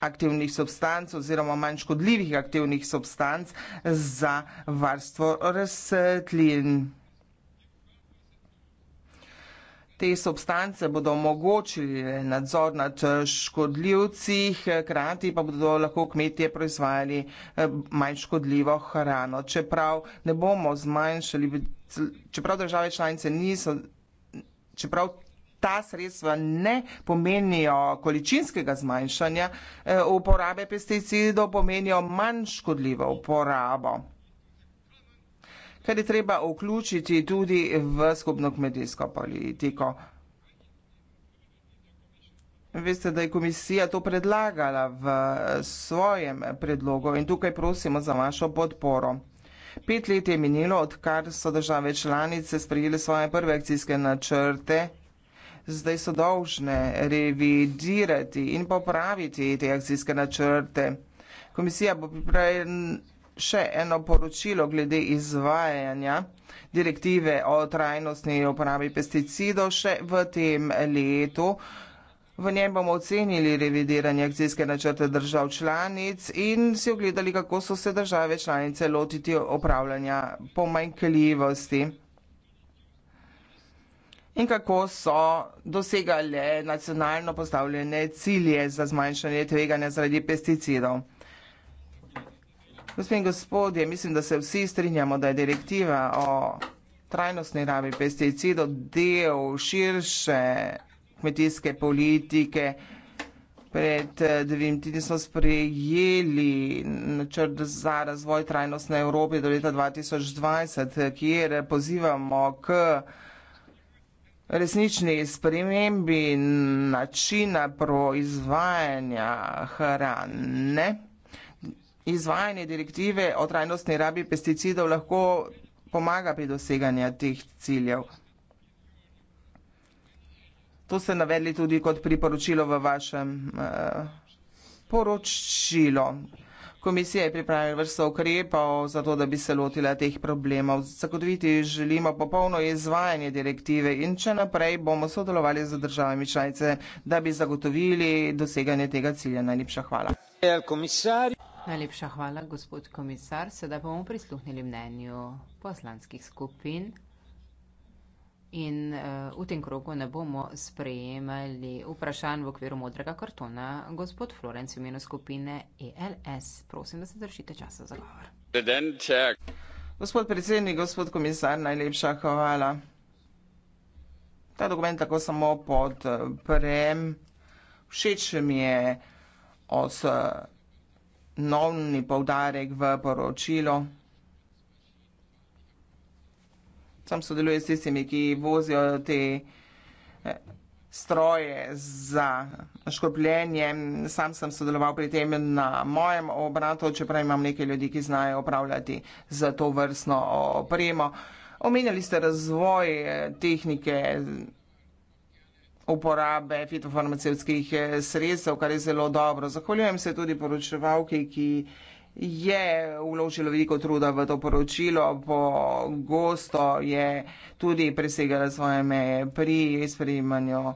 aktivnih substanc oziroma manj škodljivih aktivnih substanc za varstvo rastlin. Te substance bodo omogočile nadzor nad škodljivcih, krati pa bodo lahko kmetje proizvajali eh, manj škodljivo hrano. Čeprav ne bomo zmanjšali, čeprav države članice niso, čeprav ta sredstva ne pomenijo količinskega zmanjšanja eh, uporabe pesticidov, pomenijo manj škodljivo uporabo kar je treba vključiti tudi v skupno kmetijsko politiko. Veste, da je komisija to predlagala v eh, svojem predlogu in tukaj prosimo za vašo podporo. Pet let je minilo, odkar so države članice sprejeli svoje prve akcijske načrte zdaj so dolžne revidirati in popraviti te akcijske načrte. Komisija bo pripravila še eno poročilo glede izvajanja direktive o trajnostni uporabi pesticidov še v tem letu. V njem bomo ocenili revidiranje akcijske načrte držav članic in si ogledali, kako so se države članice lotiti opravljanja pomanjkljivosti. In kako so dosegale nacionalno postavljene cilje za zmanjšanje tveganja zaradi pesticidov? Gospod in gospodje, mislim, da se vsi strinjamo, da je direktiva o trajnostni rabi pesticidov del širše kmetijske politike. Pred eh, dvim tedni smo sprejeli načrt za razvoj trajnostne Evrope do leta 2020, kjer pozivamo k resnični spremembi načina proizvajanja hrane. Izvajanje direktive o trajnostni rabi pesticidov lahko pomaga pri doseganju teh ciljev. To ste navedli tudi kot priporočilo v vašem eh, poročilu. Komisija je pripravila vrsto ukrepov za to, da bi se lotila teh problemov. Zagotoviti želimo popolno izvajanje direktive in če naprej bomo sodelovali z državami članice, da bi zagotovili doseganje tega cilja. Najlepša hvala. Najlepša hvala, gospod komisar. Sedaj bomo prisluhnili mnenju poslanskih skupin. In uh, v tem krogu ne bomo sprejemali vprašanj v okviru modrega kartona. Gospod Florenc, v imenu skupine ELS, prosim, da se držite časa za govor. Gospod predsednik, gospod komisar, najlepša hvala. Ta dokument tako samo podprem. Všeč mi je osnovni eh, povdarek v poročilo. Sam sodeluje s tistimi, ki vozijo te eh, stroje za škropljenje. Sam sem sodeloval pri tem na mojem obratu, čeprav imam nekaj ljudi, ki znajo upravljati za to vrstno opremo. Omenjali ste razvoj eh, tehnike uporabe fitofarmacevskih eh, sredstev, kar je zelo dobro. Zahvaljujem se tudi poročevalki, ki je vložilo veliko truda v to poročilo, pogosto je tudi presegala svoje meje pri sprejemanju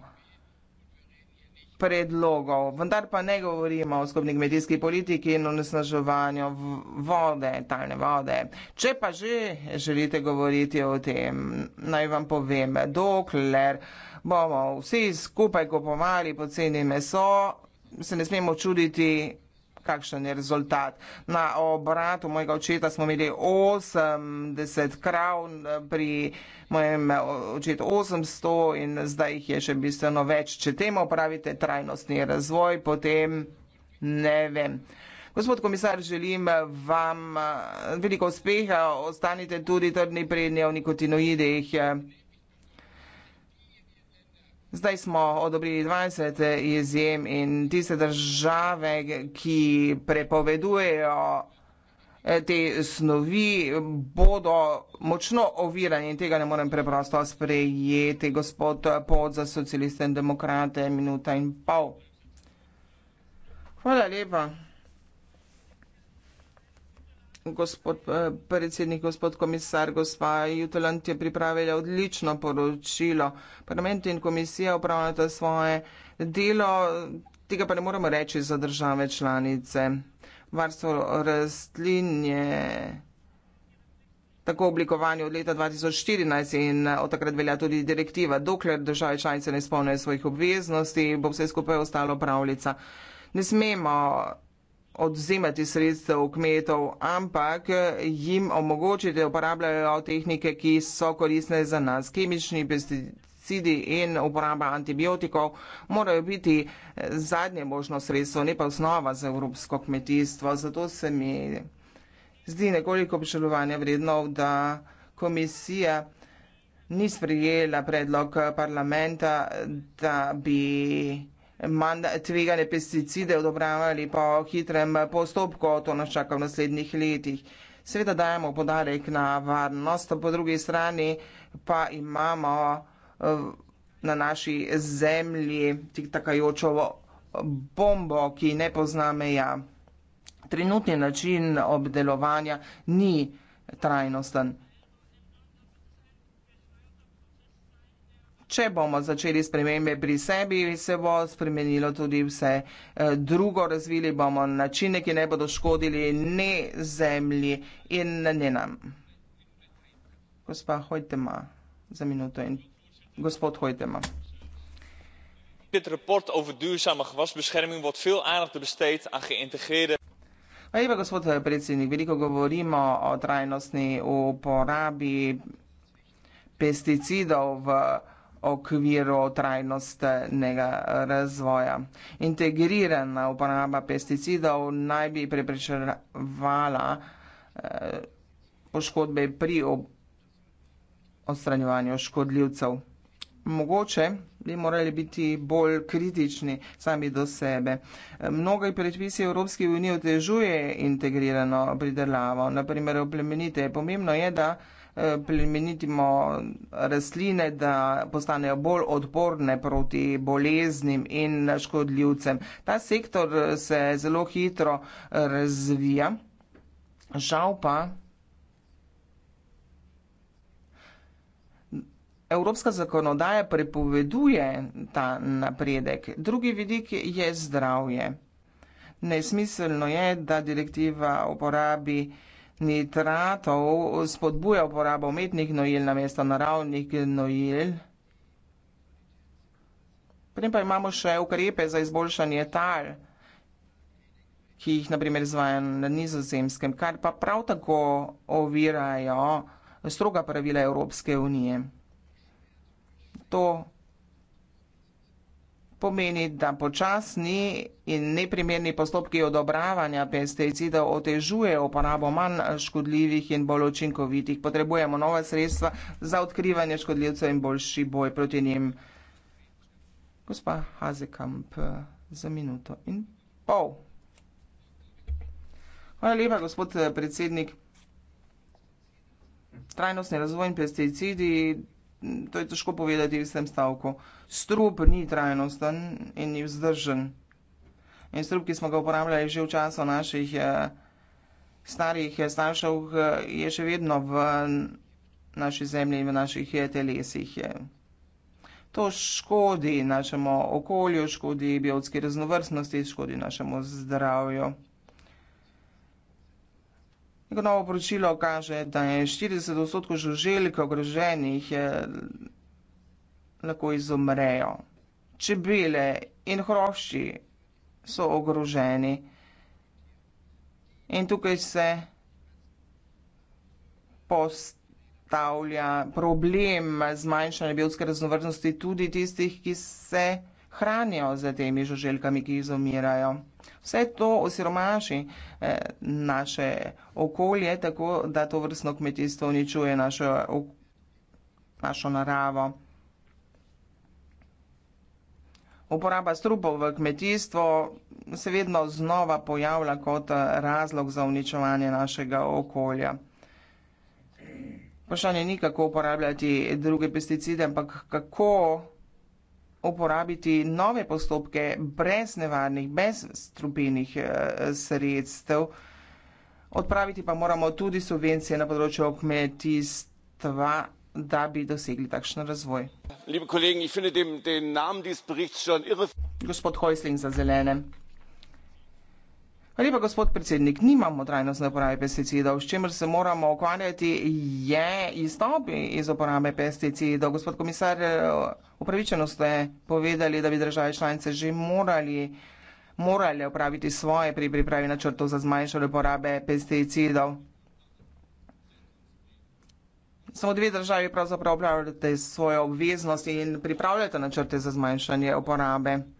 predlogov. Vendar pa ne govorimo o skupni kmetijski politiki in o nesnaževanju vode, talne vode. Če pa že želite govoriti o tem, naj vam povem, dokler bomo vsi skupaj kupovali poceni meso, se ne smemo čuditi, kakšen je rezultat. Na obratu mojega očeta smo imeli 80 krav, pri mojem eh, očetu 800 in zdaj jih je še bistveno več. Če temo pravite trajnostni razvoj, potem ne vem. Gospod komisar, želim vam eh, veliko uspeha, ostanite tudi trdni pri neonikotinoidih. Zdaj smo odobrili 20 izjem in tiste države, ki prepovedujejo eh, te snovi, bodo močno ovirani in tega ne morem preprosto sprejeti, gospod Pod za socialiste in demokrate, minuta in pol. Hvala lepa gospod eh, predsednik, gospod komisar, gospa Jutland je pripravila odlično poročilo. Parlament in komisija upravljata svoje delo, tega pa ne moramo reči za države članice. Varstvo rastlin je tako oblikovanje od leta 2014 in od takrat velja tudi direktiva. Dokler države članice ne spolnijo svojih obveznosti, bo vse skupaj ostalo pravljica. Ne smemo odzemati sredstev kmetov, ampak jim omogočiti, da uporabljajo tehnike, ki so koristne za nas, kemični pesticidi. In uporaba antibiotikov morajo biti zadnje možno sredstvo, ne pa osnova za evropsko kmetijstvo. Zato se mi zdi nekoliko obžalovanja vredno, da komisija ni sprejela predlog parlamenta, da bi manj tvegane pesticide odobravali po hitrem postopku, to nas čaka v naslednjih letih. Sveda dajemo podarek na varnost, po drugi strani pa imamo eh, na naši zemlji tik takajočo bombo, ki ne pozna meja. Trenutni način obdelovanja ni trajnosten. če bomo začeli spremembe pri sebi, se bo spremenilo tudi vse e, drugo, razvili bomo načine, ki ne bodo škodili ne zemlji in ne nam. Gospa Hojtema, za minuto in gospod Hojtema. Dit rapport over duurzame gewasbescherming wordt veel aandacht besteed aan geïntegreerde. Evo, gospod predsednik, veliko govorimo o trajnostni uporabi pesticidov v okviru trajnostnega razvoja. Integrirana uporaba pesticidov naj bi preprečevala eh, poškodbe pri odstranjevanju škodljivcev. Mogoče bi morali biti bolj kritični sami do sebe. Mnogi predpisi Evropske unije otežuje integrirano pridelavo, naprimer oplemenite. Pomembno je, da plemenitimo rastline, da postanejo bolj odporne proti boleznim in škodljivcem. Ta sektor se zelo hitro razvija, žal pa. Evropska zakonodaja prepoveduje ta napredek. Drugi vidik je zdravje. Nesmiselno je, da direktiva uporabi uh, nitratov spodbuja uporabo umetnih nojil namesto naravnih nojil. Potem pa imamo še ukrepe za izboljšanje tal, ki jih naprimer izvaja na nizozemskem, kar pa prav tako ovirajo stroga pravila Evropske unije. To pomeni, da počasni in neprimerni postopki odobravanja pesticidov otežujejo uporabo manj škodljivih in bolj učinkovitih. Potrebujemo nove sredstva za odkrivanje škodljivcev in boljši boj proti njim. Gospa Hazekamp, za minuto in pol. Hvala lepa, gospod predsednik. Trajnostni razvoj in pesticidi to je težko povedati v istem stavku. Strup ni trajnosten in ni vzdržen. In strup, ki smo ga uporabljali že v času naših eh, starih eh, staršev, eh, je še vedno v naši zemlji in v naših telesih. To škodi našemu okolju, škodi biotski raznovrstnosti, škodi našemu zdravju. Neko novo poročilo kaže, da je 40 odstotkov žuželk ogroženih eh, lahko izumrejo. Čebele in hrošči so ogroženi. In tukaj se postavlja problem zmanjšanja biotske raznovrstnosti tudi tistih, ki se hranijo z temi žuželkami, ki izumirajo. Vse to osiromaši eh, naše okolje, tako da to vrstno kmetijstvo uničuje našo, ok, našo naravo. Uporaba strupov v kmetijstvo se vedno znova pojavlja kot eh, razlog za uničevanje našega okolja. Vprašanje ni, kako uporabljati druge pesticide, ampak kako uporabiti nove postopke brez nevarnih, brez strupenih eh, sredstev. Odpraviti pa moramo tudi subvencije na področju kmetijstva, da bi dosegli takšen razvoj. Gospod Hojsling za zelene. Lepa, gospod predsednik, nimamo trajnostne uporabe pesticidov, s čimer se moramo ukvarjati, je izstop iz uporabe pesticidov. Gospod komisar, upravičeno ste povedali, da bi države članice že morali, morali upraviti svoje pri pripravi načrtov za zmanjšanje uporabe pesticidov. Samo dve državi pravzaprav upravljate svojo obveznost in pripravljate načrte za zmanjšanje uporabe pesticidov.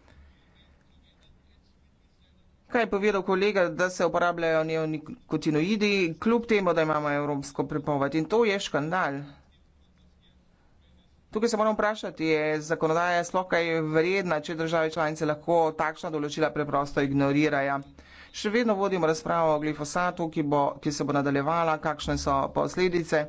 Kaj je povedal kolega, da se uporabljajo neonikotinoidi, kljub temu, da imamo evropsko prepoved. In to je škandal. Tukaj se moramo vprašati, je zakonodaja sploh kaj vredna, če države članice lahko takšna določila preprosto ignorirajo. Še vedno vodimo razpravo o glifosatu, ki, bo, ki se bo nadaljevala, kakšne so posledice.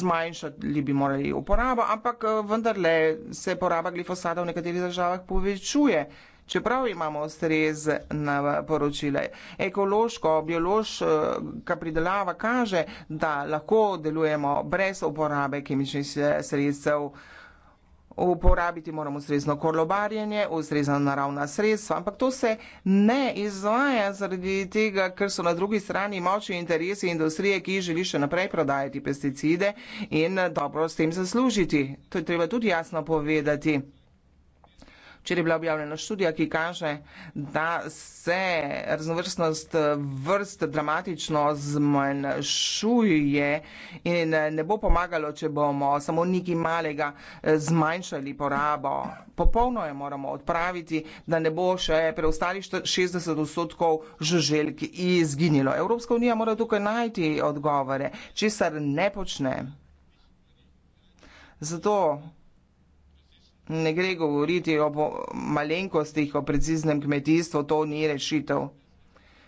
Zmanjšali bi morali uporabo, ampak vendarle se poraba glifosata v nekaterih državah povečuje. Čeprav imamo strez na poročile, ekološko, biološka pridelava kaže, da lahko delujemo brez uporabe kemičnih sredstev. Uporabiti moramo ustrezno kolobarjenje, ustrezna naravna sredstva, ampak to se ne izvaja zaradi tega, ker so na drugi strani močni interesi industrije, ki želi še naprej prodajati pesticide in dobro s tem zaslužiti. To je treba tudi jasno povedati včeraj je bila objavljena študija, ki kaže, da se raznovrstnost vrst dramatično zmanjšuje in ne bo pomagalo, če bomo samo nekaj malega zmanjšali porabo. Popolno jo moramo odpraviti, da ne bo še preostalih 60 odstotkov žuželjk izginilo. Evropska unija mora tukaj najti odgovore, česar ne počne. Zato ne gre govoriti o malenkostih, o preciznem kmetijstvu, to ni rešitev.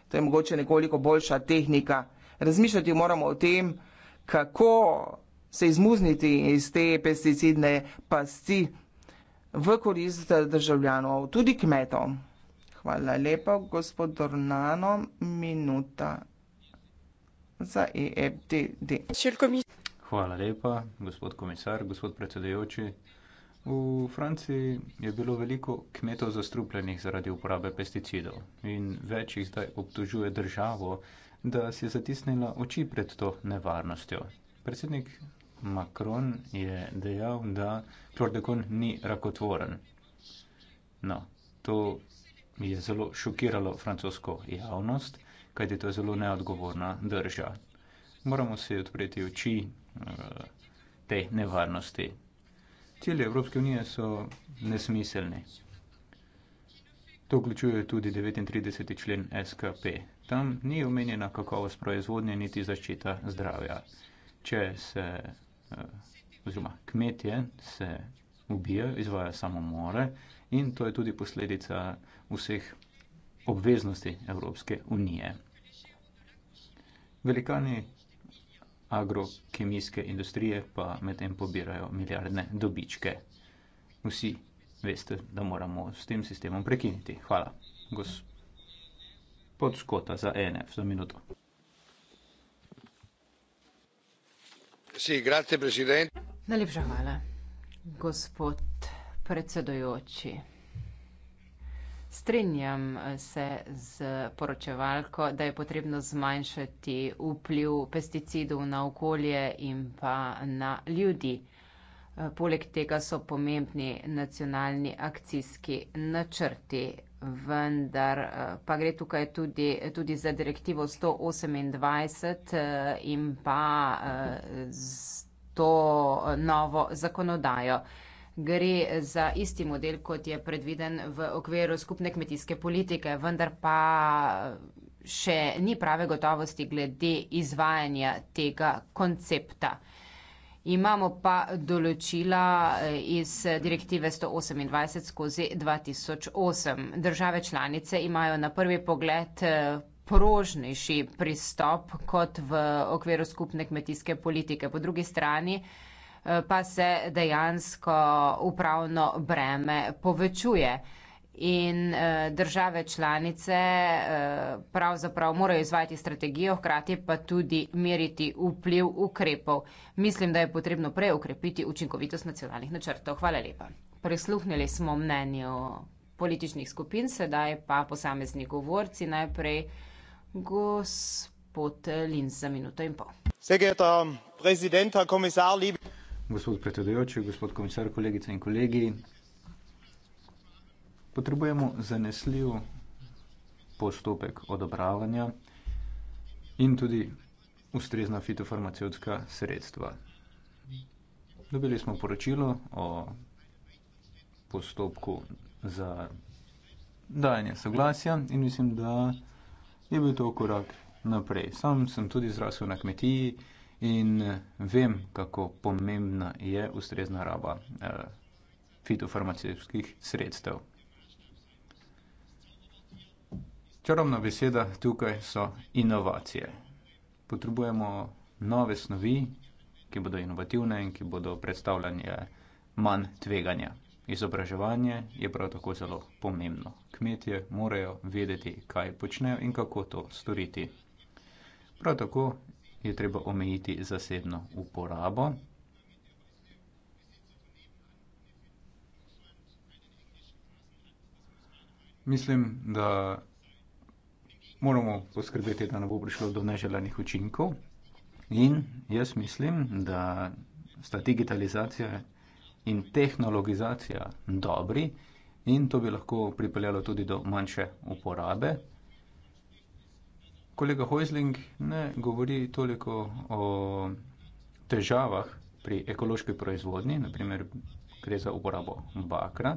To je mogoče nekoliko boljša tehnika. Razmišljati moramo o tem, kako se izmuzniti iz te pesticidne pasti v korist državljanov, tudi kmetov. Hvala lepa, gospod Dornano. Minuta za EFTD. Hvala lepa, gospod komisar, gospod predsedajoči. V Franciji je bilo veliko kmetov zastrupljenih zaradi uporabe pesticidov in več jih zdaj obtožuje državo, da si je zatisnila oči pred to nevarnostjo. Predsednik Macron je dejal, da klordekon ni rakotvoren. No, to je zelo šokiralo francosko javnost, kajti to je zelo neodgovorna drža. Moramo se odpreti oči eh, te nevarnosti cilji Evropske unije so nesmiselni. To vključuje tudi 39. člen SKP. Tam ni omenjena kakovost proizvodnje niti zaščita zdravja. Če se, eh, oziroma kmetje se ubijajo, izvaja samomore in to je tudi posledica vseh obveznosti Evropske unije. Velikani agrokemijske industrije pa medtem pobirajo milijardne dobičke. Vsi veste, da moramo s tem sistemom prekiniti. Hvala. Gospod Skota za e NF, za minuto. Najlepša hvala, gospod predsedujoči. Strenjam eh, se z poročevalko, da je potrebno zmanjšati vpliv pesticidov na okolje in pa na ljudi. Eh, poleg tega so pomembni nacionalni akcijski načrti, vendar eh, pa gre tukaj tudi, tudi za direktivo 128 in pa z to novo zakonodajo gre za isti model, kot je predviden v okviru skupne kmetijske politike, vendar pa še ni prave gotovosti glede izvajanja tega koncepta. Imamo pa določila eh, iz eh, direktive 128 skozi 2008. Države članice imajo na prvi pogled eh, prožnejši pristop kot v okviru skupne kmetijske politike. Po drugi strani Eh, pa se dejansko upravno breme povečuje. In eh, države članice eh, pravzaprav morajo izvajati strategijo, hkrati pa tudi meriti vpliv ukrepov. Mislim, da je potrebno prej ukrepiti učinkovitost nacionalnih načrtov. Hvala lepa. Presluhnili smo mnenju političnih skupin, sedaj pa posamezni govorci. Najprej gospod Linz za minuto in pol. Segeta, prezidenta, komisar Libi gospod predsedujoči, gospod komisar, kolegice in kolegi. Potrebujemo zanesljiv postopek odobravanja in tudi ustrezna fitofarmacevtska sredstva. Dobili smo poročilo o postopku za dajanje soglasja in mislim, da je bil to korak naprej. Sam sem tudi zrasel na kmetiji, in eh, vem, kako pomembna je ustrezna raba uh, eh, fitofarmacijskih sredstev. Čarobna beseda tukaj so inovacije. Potrebujemo nove snovi, ki bodo inovativne in ki bodo predstavljanje manj tveganja. Izobraževanje je prav tako zelo pomembno. Kmetje morajo vedeti, kaj počnejo in kako to storiti. Prav tako je treba omejiti zasebno uporabo. Mislim, da moramo poskrbeti, da ne bo prišlo do neželenih učinkov. In jaz mislim, da sta digitalizacija in tehnologizacija dobri in to bi lahko pripeljalo tudi do manjše uporabe kolega Hojzling ne govori toliko o težavah pri ekološki proizvodnji, naprimer gre za uporabo bakra.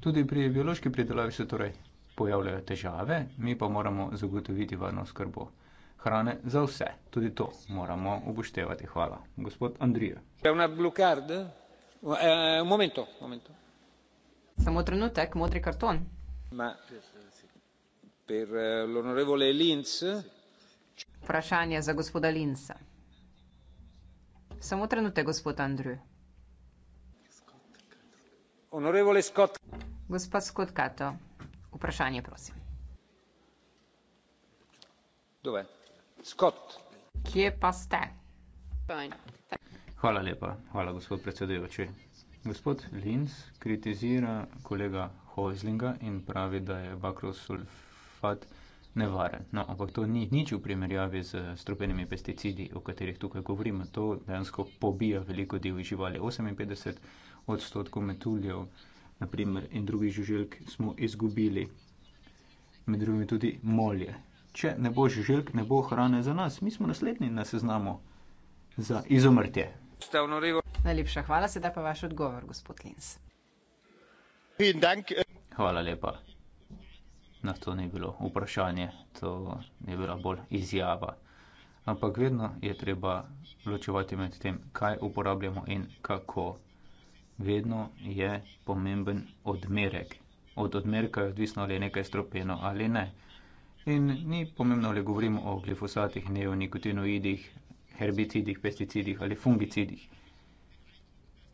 Tudi pri biološki pridelavi se torej pojavljajo težave, mi pa moramo zagotoviti varno skrbo hrane za vse. Tudi to moramo upoštevati. Hvala. Gospod Andrija. Eh, Samo trenutek, modri karton. Ma. Eh, vprašanje za gospoda Linca. Samo trenutek, gospod Andrew. Gospa Scott Cato, vprašanje, prosim. Kje pa ste? Hvala lepa, hvala gospod predsedujoči. Gospod Linz kritizira kolega Hojzlinga in pravi, da je bakrosulf glifosat nevaren. No, ampak to ni nič v primerjavi z strupenimi pesticidi, o katerih tukaj govorimo. To dejansko pobija veliko divjih živali. 58 odstotkov metuljev naprimer, in drugih žuželk smo izgubili, med drugimi tudi molje. Če ne bo žuželk, ne bo hrane za nas. Mi smo naslednji na seznamu za izumrtje. Najlepša hvala, sedaj pa vaš odgovor, gospod Lins. Hvala lepa. No, to ni bilo vprašanje, to je bila bolj izjava. Ampak vedno je treba ločevati med tem, kaj uporabljamo in kako. Vedno je pomemben odmerek. Od odmerka je odvisno, ali je nekaj stropeno ali ne. In ni pomembno, ali govorimo o glifosatih, neonikotinoidih, herbicidih, pesticidih ali fungicidih.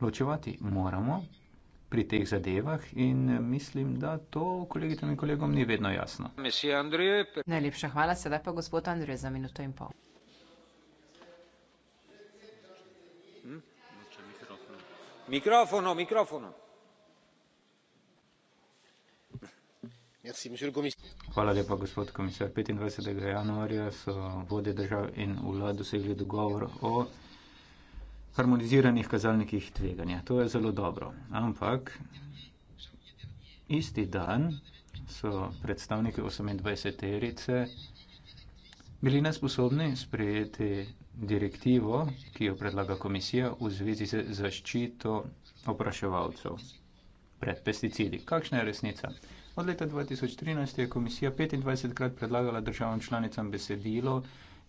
Ločevati moramo, pri teh zadevah in eh, mislim, da to kolegitem in kolegom ni vedno jasno. Najlepša hvala, sedaj pa gospod Andrej za minuto in pol. Hm? Mikrofono, mikrofono. Hvala lepa, gospod komisar. 25. januarja so vode držav in vlad dosegli dogovor o harmoniziranih kazalnikih tveganja. To je zelo dobro. Ampak isti dan so predstavniki 28-terice bili nesposobni sprejeti direktivo, ki jo predlaga komisija v zvezi z zaščito opraševalcev pred pesticidi. Kakšna je resnica? Od leta 2013 je komisija 25krat predlagala državam članicam besedilo,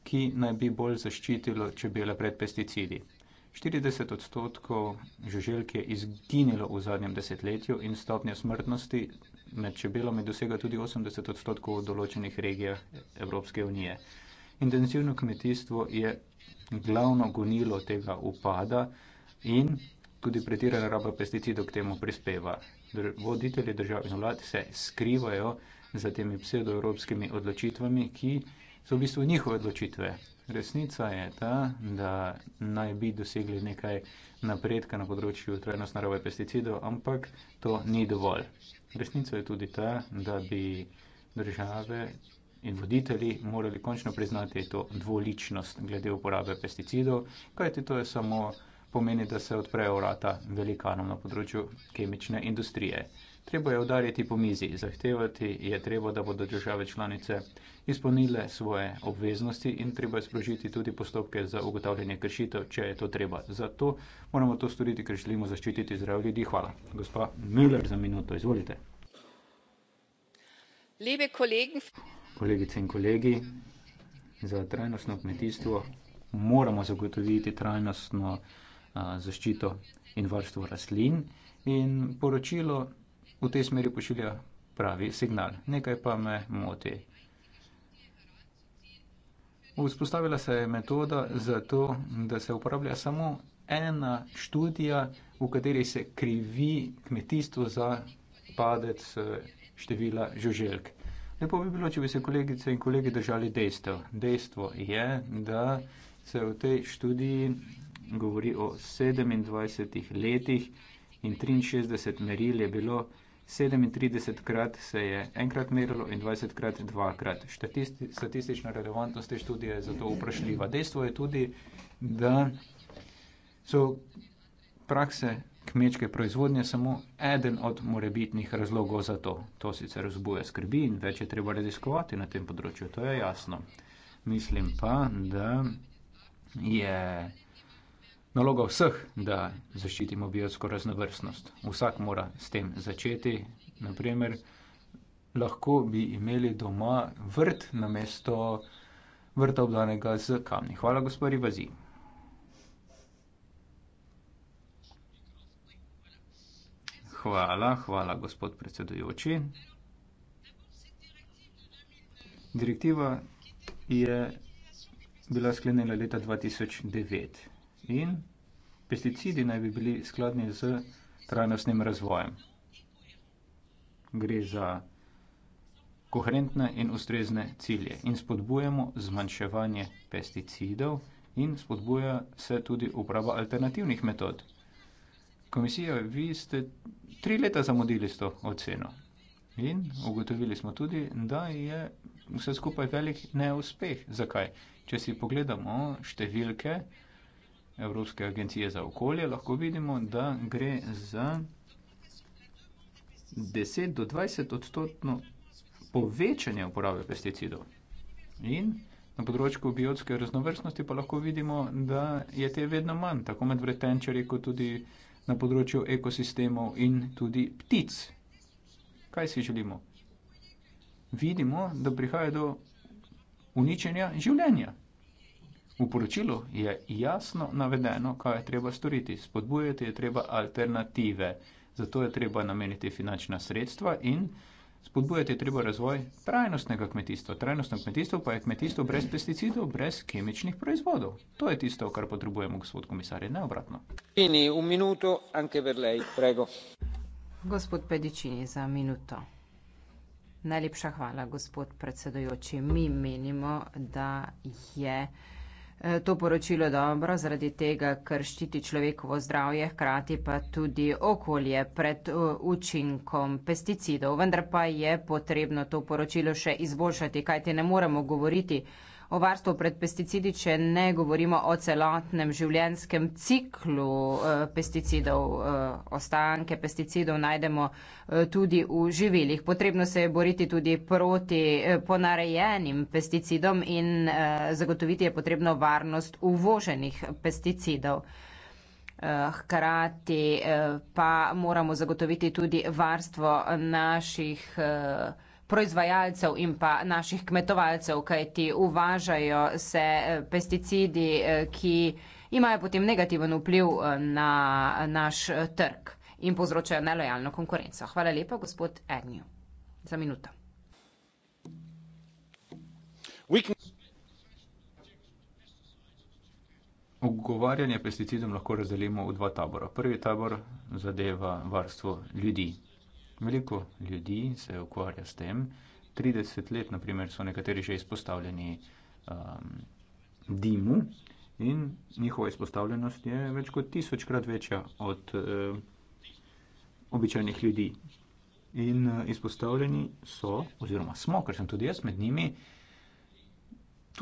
ki naj bi bolj zaščitilo čebele pred pesticidi. 40 odstotkov žuželk je izginilo v zadnjem desetletju in stopnja smrtnosti med čebelami dosega tudi 80 odstotkov v določenih regijah Evropske unije. Intenzivno kmetijstvo je glavno gonilo tega upada in tudi pretirana raba pesticidov k temu prispeva. Voditelji držav in vlad se skrivajo za temi pseudoevropskimi odločitvami, ki so v bistvu njihove odločitve. Resnica je ta, da naj bi dosegli nekaj napredka na področju trajnostne narave pesticidov, ampak to ni dovolj. Resnica je tudi ta, da bi države in voditelji morali končno priznati to dvoličnost glede uporabe pesticidov, kajti to je samo pomeni, da se odprejo vrata velikanom na področju kemične industrije. Treba je udariti po mizi, zahtevati je treba, da bodo države članice izpolnile svoje obveznosti in treba je sprožiti tudi postopke za ugotavljanje kršitev, če je to treba. Zato moramo to storiti, ker želimo zaščititi zdravje ljudi. Hvala. Gospa Müller, za minuto, izvolite. Lebe kolegi. Kolegice in kolegi, za trajnostno kmetijstvo moramo zagotoviti trajnostno a, zaščito in varstvo rastlin. In poročilo v tej smeri pošilja pravi signal. Nekaj pa me moti. Vzpostavila se je metoda za to, da se uporablja samo ena študija, v kateri se krivi kmetijstvo za padec eh, števila žuželjk. Lepo bi bilo, če bi se kolegice in kolegi držali dejstev. Dejstvo je, da se v tej študiji govori o 27 letih in 63 meril je bilo vsega. 37krat se je enkrat merilo in 20krat dvakrat. Štatisti, statistična relevantnost te študije je zato vprašljiva. Dejstvo je tudi, da so prakse kmečke proizvodnje samo eden od morebitnih razlogov za to. To sicer razbuja skrbi in več je treba raziskovati na tem področju, to je jasno. Mislim pa, da je. Yeah. Naloga vseh, da zaščitimo biotsko raznovrstnost. Vsak mora s tem začeti. Naprimer, lahko bi imeli doma vrt na mesto vrta obdanega z kamni. Hvala, gospod Ivazi. Hvala, hvala, gospod predsedujoči. Direktiva je bila sklenjena leta 2009 in pesticidi naj bi bili skladni z trajnostnim razvojem. Gre za koherentne in ustrezne cilje in spodbujamo zmanjševanje pesticidov in spodbuja se tudi uporaba alternativnih metod. Komisija, vi ste tri leta zamudili s to oceno in ugotovili smo tudi, da je vse skupaj velik neuspeh. Zakaj? Če si pogledamo številke, Evropske agencije za okolje, lahko vidimo, da gre za 10 do 20 odstotno povečanje uporabe pesticidov. In na področju biotske raznovrstnosti pa lahko vidimo, da je te vedno manj, tako med vretenčari, kot tudi na področju ekosistemov in tudi ptic. Kaj si želimo? Vidimo, da prihaja do uničenja življenja. V poročilu je jasno navedeno, kaj je treba storiti. Spodbujati je treba alternative, zato je treba nameniti finančna sredstva in spodbujati je treba razvoj trajnostnega kmetijstva. Trajnostno kmetijstvo pa je kmetijstvo brez pesticidov, brez kemičnih proizvodov. To je tisto, kar potrebujemo, gospod komisar, in ne obratno. Pini, v minuto, anke verlej, prego. Gospod Pedičini, za minuto. Najlepša hvala, gospod predsedujoči. Mi menimo, da je. Eh, to poročilo dobro, zaradi tega, ker ščiti človekovo zdravje, hkrati pa tudi okolje pred eh, učinkom pesticidov. Vendar pa je potrebno to poročilo še izboljšati, kajti ne moremo govoriti o varstvu pred pesticidi, če ne govorimo o celotnem življenskem ciklu eh, pesticidov. Eh, ostanke pesticidov najdemo eh, tudi v živilih. Potrebno se je boriti tudi proti ponarejenim pesticidom in zagotoviti je potrebno varnost uvoženih pesticidov. Hkrati pa moramo zagotoviti tudi varstvo naših pesticidov proizvajalcev in pa naših kmetovalcev, kajti uvažajo se eh, pesticidi, eh, ki imajo potem negativen vpliv eh, na naš trg in povzročajo nelojalno konkurenco. Hvala lepa, gospod Agnew. Za minuto. Ogovarjanje pesticidom lahko razdelimo v dva tabora. Prvi tabor zadeva varstvo ljudi. Veliko ljudi se ukvarja s tem, 30 let, naprimer, so nekateri že izpostavljeni um, dimu, in njihova izpostavljenost je več kot tisočkrat večja od um, običajnih ljudi. In uh, izpostavljeni so, oziroma smo, ker sem tudi jaz med njimi,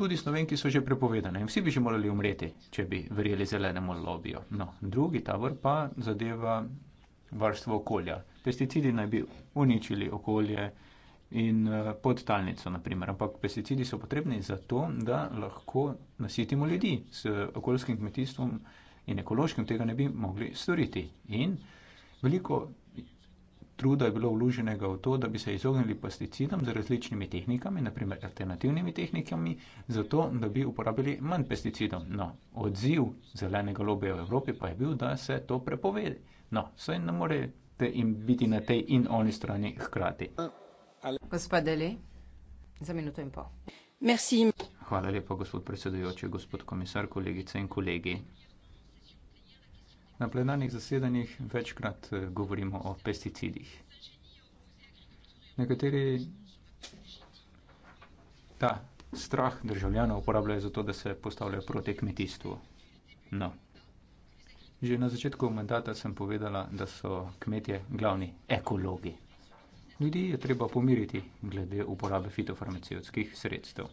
tudi slovenki so že prepovedani in vsi bi že morali umreti, če bi verjeli zelenemu lobiju. No, drugi tavr pa zadeva varstvo okolja. Pesticidi naj bi uničili okolje in eh, podtalnico, naprimer. Ampak pesticidi so potrebni zato, da lahko nasitimo ljudi s okoljskim kmetijstvom in ekološkim, tega ne bi mogli storiti. In veliko truda je bilo vloženega v to, da bi se izognili pesticidom z različnimi tehnikami, naprimer alternativnimi tehnikami, zato, da bi uporabili manj pesticidom. No, odziv zelenega lobija v Evropi pa je bil, da se to prepovedi. No, saj ne more te in biti na tej in oni strani hkrati. Gospod Deli, za minuto in pol. Merci. Hvala lepa, gospod predsedujoči, gospod komisar, kolegice in kolegi. Na plenarnih zasedanjih večkrat eh, govorimo o pesticidih. Nekateri ta strah državljanov uporabljajo zato, da se postavljajo proti kmetijstvu. No, Že na začetku mandata sem povedala, da so kmetje glavni ekologi. Ljudi je treba pomiriti glede uporabe fitofarmacijskih sredstev.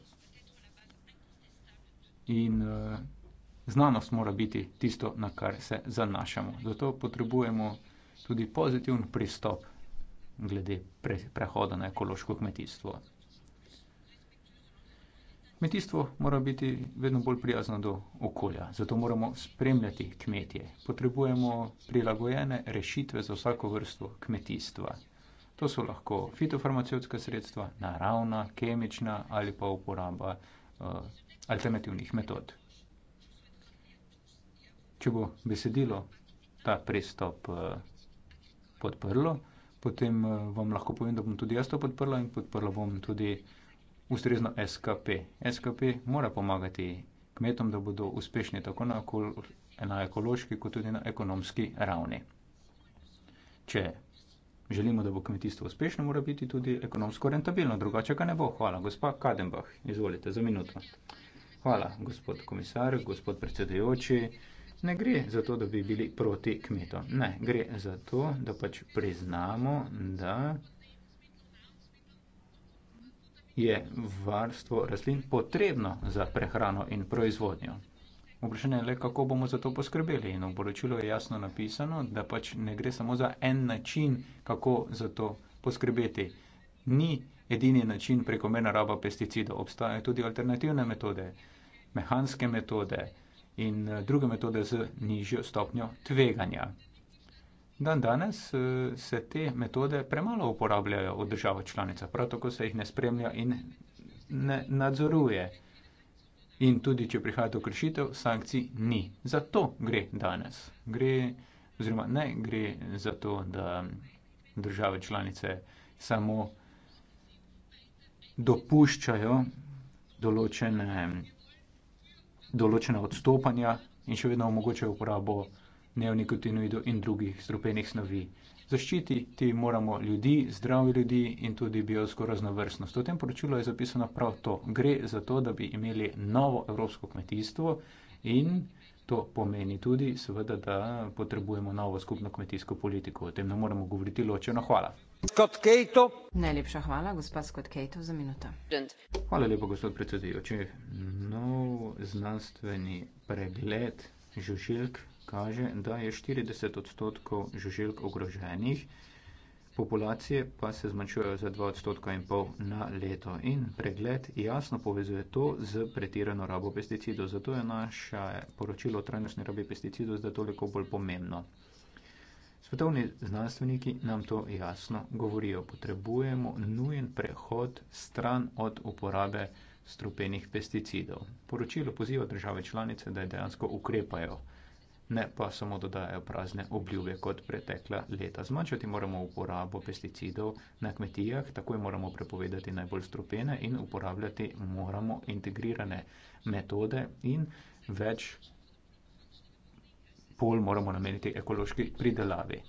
In uh, znanost mora biti tisto, na kar se zanašamo. Zato potrebujemo tudi pozitiven pristop glede pre prehoda na ekološko kmetijstvo. Kmetijstvo mora biti vedno bolj prijazno do okolja, zato moramo spremljati kmetije. Potrebujemo prilagojene rešitve za vsako vrsto kmetijstva. To so lahko fitofarmacevtska sredstva, naravna, kemična ali pa uporaba uh, alternativnih metod. Če bo besedilo ta pristop uh, eh, podprlo, potem uh, vam lahko povem, da bom tudi jaz to podprla in podprla bom tudi ustrezno SKP. SKP mora pomagati kmetom, da bodo uspešni tako na, ekol na ekološki, kot tudi na ekonomski ravni. Če želimo, da bo kmetijstvo uspešno, mora biti tudi ekonomsko rentabilno, drugače ga ne bo. Hvala, gospa Kadenbach. Izvolite za minuto. Hvala, gospod komisar, gospod predsedujoči. Ne gre za to, da bi bili proti kmetom. Ne, gre za to, da pač priznamo, da je varstvo rastlin potrebno za prehrano in proizvodnjo. Vprašanje je le, kako bomo za to poskrbeli. In v poročilu je jasno napisano, da pač ne gre samo za en način, kako za to poskrbeti. Ni edini način prekomerna raba pesticidov. Obstajajo tudi alternativne metode, mehanske metode in druge metode z nižjo stopnjo tveganja. Dan danes eh, se te metode premalo uporabljajo v državah članicah, prav tako se jih ne spremlja in ne nadzoruje. In tudi, če prihaja do kršitev, sankcij ni. Zato gre danes. Gre, oziroma ne gre za to, da države članice samo dopuščajo določene, določene odstopanja in še vedno omogočajo uporabo neonikotinoidov in drugih strupenih snovi. Zaščititi moramo ljudi, zdravje ljudi in tudi biosko raznovrstnost. V tem poročilu je zapisano prav to. Gre za to, da bi imeli novo evropsko kmetijstvo in to pomeni tudi seveda, da potrebujemo novo skupno kmetijsko politiko. O tem ne moremo govoriti ločeno. Hvala. Najlepša hvala, gospa Scott Kato, za minuto. Hvala lepa, gospod predsedujoči. Nov znanstveni pregled žuželjk kaže, da je 40 odstotkov žuželk ogroženih, populacije pa se zmanjšujejo za 2 odstotka in pol na leto. In pregled jasno povezuje to z pretirano rabo pesticidov, zato je naše poročilo o trajnostni rabi pesticidov zdaj toliko bolj pomembno. Svetovni znanstveniki nam to jasno govorijo. Potrebujemo nujen prehod stran od uporabe strupenih pesticidov. Poročilo poziva države članice, da dejansko ukrepajo ne pa samo dodajajo prazne obljube kot pretekla leta. Zmanjšati moramo uporabo pesticidov na kmetijah, takoj moramo prepovedati najbolj strupene in uporabljati moramo integrirane metode in več pol moramo nameniti ekološki pridelavi.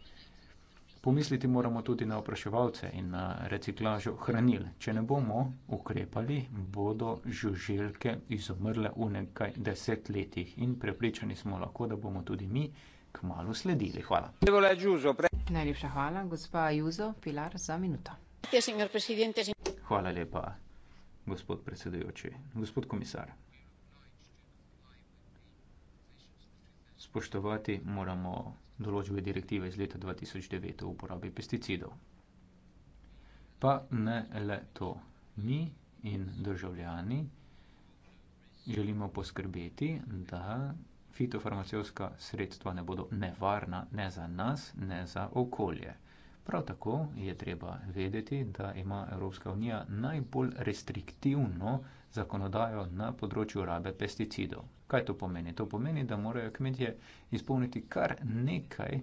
Pomisliti moramo tudi na opraševalce in na reciklažo hranil. Če ne bomo ukrepali, bodo žuželke izumrle v nekaj desetletjih in prepričani smo lahko, da bomo tudi mi k malu sledili. Hvala. Najlepša hvala, gospa Juzo Pilar, za minuto. Hvala lepa, gospod predsedujoči. Gospod komisar. Spoštovati moramo določbe direktive iz leta 2009 o uporabi pesticidov. Pa ne le to. Mi in državljani želimo poskrbeti, da fitofarmacevska sredstva ne bodo nevarna ne za nas, ne za okolje. Prav tako je treba vedeti, da ima Evropska unija najbolj restriktivno zakonodajo na področju rabe pesticidov. Kaj to pomeni? To pomeni, da morajo kmetje izpolniti kar nekaj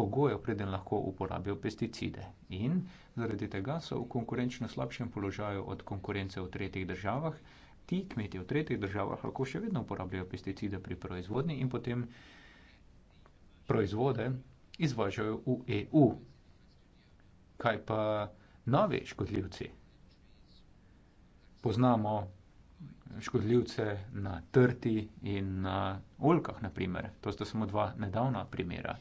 pogojev, preden lahko uporabijo pesticide. In zaradi tega so v konkurenčno slabšem položaju od konkurence v tretjih državah. Ti kmetje v tretjih državah lahko še vedno uporabljajo pesticide pri proizvodnji in potem proizvode izvažajo v EU kaj pa novi škodljivci? Poznamo škodljivce na trti in na oljkah, naprimer. To sta samo dva nedavna primera.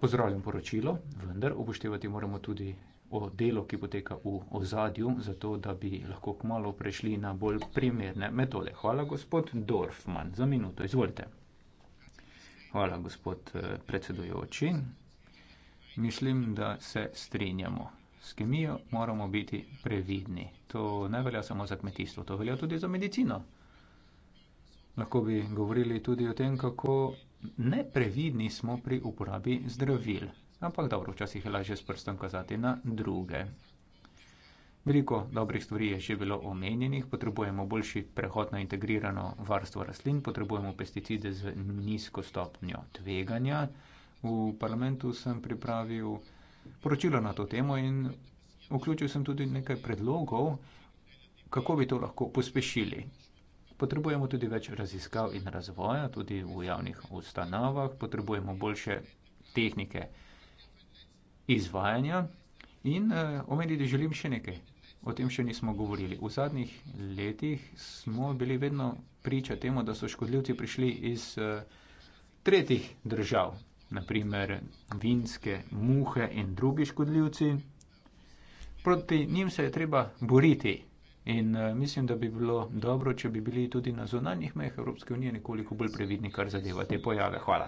Pozdravljam poročilo, vendar upoštevati moramo tudi o delo, ki poteka v ozadju, zato da bi lahko kmalo prešli na bolj primerne metode. Hvala, gospod Dorfman, za minuto. Izvolite. Hvala, gospod eh, predsedujoči. Mislim, da se strinjamo. S kemijo moramo biti previdni. To ne velja samo za kmetijstvo, to velja tudi za medicino. Lahko bi govorili tudi o tem, kako neprevidni smo pri uporabi zdravil. Ampak dobro, včasih je lažje s prstom kazati na druge. Veliko dobrih stvari je že bilo omenjenih, potrebujemo boljši prehod na integrirano varstvo rastlin, potrebujemo pesticide z nizko stopnjo tveganja. V parlamentu sem pripravil poročilo na to temo in vključil sem tudi nekaj predlogov, kako bi to lahko pospešili. Potrebujemo tudi več raziskav in razvoja, tudi v javnih ustanovah, potrebujemo boljše tehnike izvajanja. In eh, omeniti želim še nekaj. O tem še nismo govorili. V zadnjih letih smo bili vedno priča temu, da so škodljivci prišli iz uh, tretjih držav, naprimer vinske muhe in drugi škodljivci. Proti njim se je treba boriti. In uh, mislim, da bi bilo dobro, če bi bili tudi na zonanjih mejah Evropske unije nekoliko bolj previdni, kar zadeva te pojave. Hvala.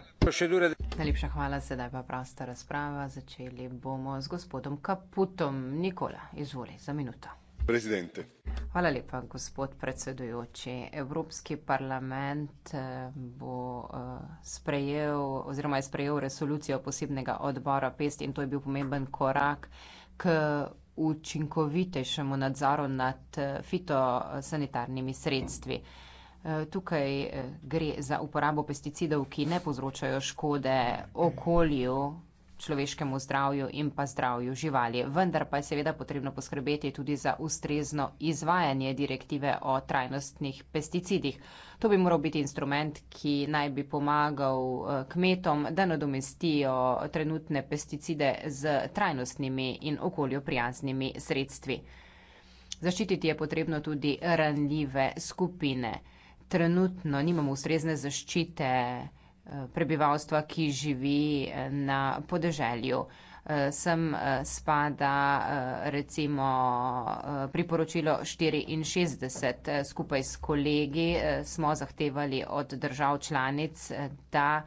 Najlepša hvala, sedaj pa prosta razprava. Začeli bomo z gospodom Kaputom. Nikola, izvoli za minuto. Prezidente. Hvala lepa, gospod predsedujoči. Evropski parlament eh, bo eh, sprejel oziroma je sprejel resolucijo posebnega odbora PEST in to je bil pomemben korak k učinkovitejšemu nadzoru nad eh, fitosanitarnimi sredstvi. Eh, tukaj eh, gre za uporabo pesticidov, ki ne povzročajo škode okolju, človeškemu zdravju in pa zdravju živali. Vendar pa je seveda potrebno poskrbeti tudi za ustrezno izvajanje direktive o trajnostnih pesticidih. To bi moral biti instrument, ki naj bi pomagal eh, kmetom, da nadomestijo trenutne pesticide z trajnostnimi in okolju prijaznimi sredstvi. Zaščititi je potrebno tudi ranljive skupine. Trenutno nimamo ustrezne zaščite prebivalstva, ki živi eh, na podeželju. Eh, sem eh, spada recimo priporočilo 64. Skupaj s kolegi smo zahtevali od držav članic, da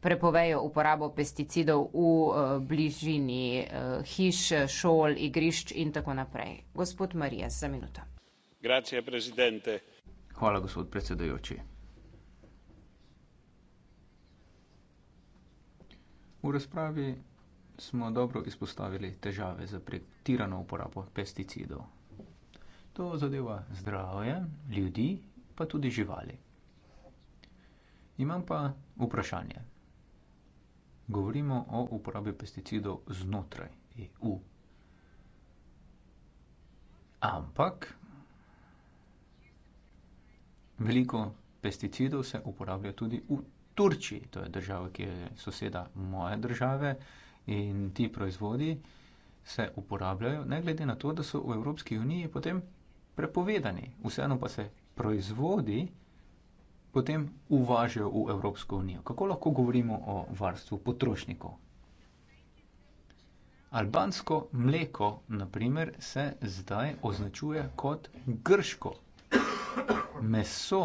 prepovejo uporabo pesticidov v bližini hiš, šol, igrišč in tako naprej. Gospod Marija, za minuto. Hvala, gospod predsedujoči. V razpravi smo dobro izpostavili težave za pretirano uporabo pesticidov. To zadeva zdravje ljudi, pa tudi živali. Imam pa vprašanje. Govorimo o uporabi pesticidov znotraj EU. Ampak veliko pesticidov se uporablja tudi v Turčiji, to je država, ki je soseda moje države in ti proizvodi se uporabljajo, ne glede na to, da so v Evropski uniji potem prepovedani. Vseeno pa se proizvodi potem uvažajo v Evropsko unijo. Kako lahko govorimo o varstvu potrošnikov? Albansko mleko, na primer, se zdaj označuje kot grško. Meso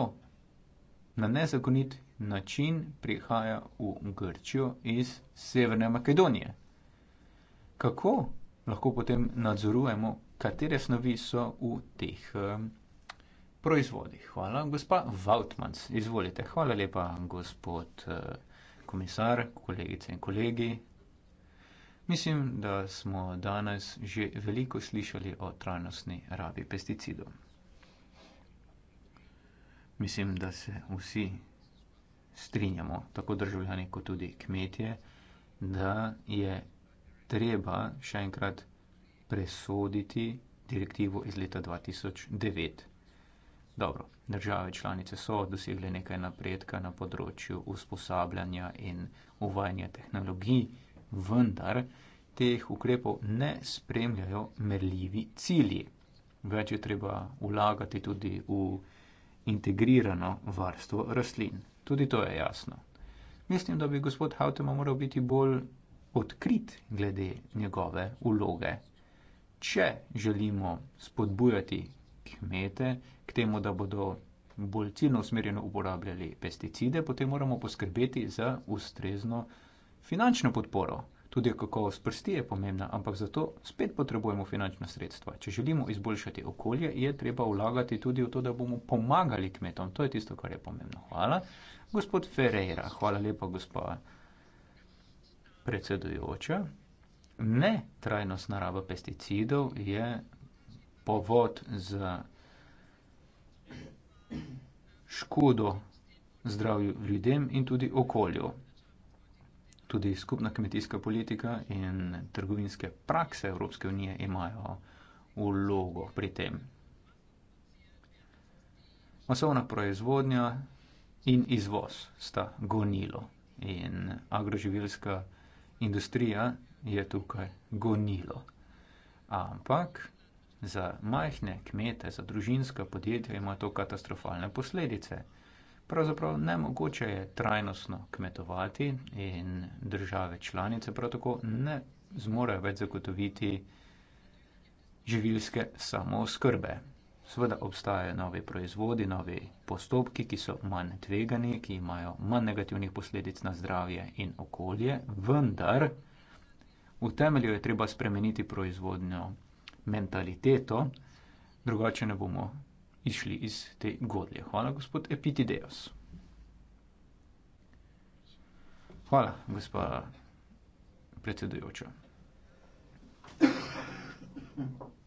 na nezakonit način prihaja v Grčijo iz Severne Makedonije. Kako lahko potem nadzorujemo, katere snovi so v teh um, proizvodih? Hvala, gospa Vautmans. Izvolite. Hvala lepa, gospod uh, komisar, kolegice in kolegi. Mislim, da smo danes že veliko slišali o trajnostni rabi pesticidov. Mislim, da se vsi strinjamo, tako državljani kot tudi kmetje, da je treba še enkrat presoditi direktivo iz leta 2009. Dobro, države članice so dosegle nekaj napredka na področju usposabljanja in uvajanja tehnologij, vendar teh ukrepov ne spremljajo merljivi cilji. Več je treba vlagati tudi v integrirano varstvo rastlin. Tudi to je jasno. Mislim, da bi gospod Hautema moral biti bolj odkrit glede njegove uloge. Če želimo spodbujati kmete k temu, da bodo bolj ciljno usmerjeno uporabljali pesticide, potem moramo poskrbeti za ustrezno finančno podporo. Tudi kakovost prsti je pomembna, ampak za to spet potrebujemo finančna sredstva. Če želimo izboljšati okolje, je treba vlagati tudi v to, da bomo pomagali kmetom. To je tisto, kar je pomembno. Hvala. Gospod Ferreira, hvala lepa, gospa predsedujoča. Ne trajnost narava pesticidov je povod za škodo zdravju ljudem in tudi okolju. Tudi skupna kmetijska politika in trgovinske prakse Evropske unije imajo vlogo pri tem. Masovna proizvodnja in izvoz sta gonilo. In agroživilska industrija je tukaj gonilo. Ampak za majhne kmete, za družinska podjetja ima to katastrofalne posledice. Pravzaprav ne mogoče je trajnostno kmetovati in države članice prav tako ne zmorejo več zagotoviti živilske samooskrbe. Seveda obstajajo novi proizvodi, novi postopki, ki so manj tvegani, ki imajo manj negativnih posledic na zdravje in okolje, vendar v temelju je treba spremeniti proizvodnjo mentaliteto, drugače ne bomo išli iz te godlje. Hvala, gospod Epitideos. Hvala, gospa predsedujoča. Thank you.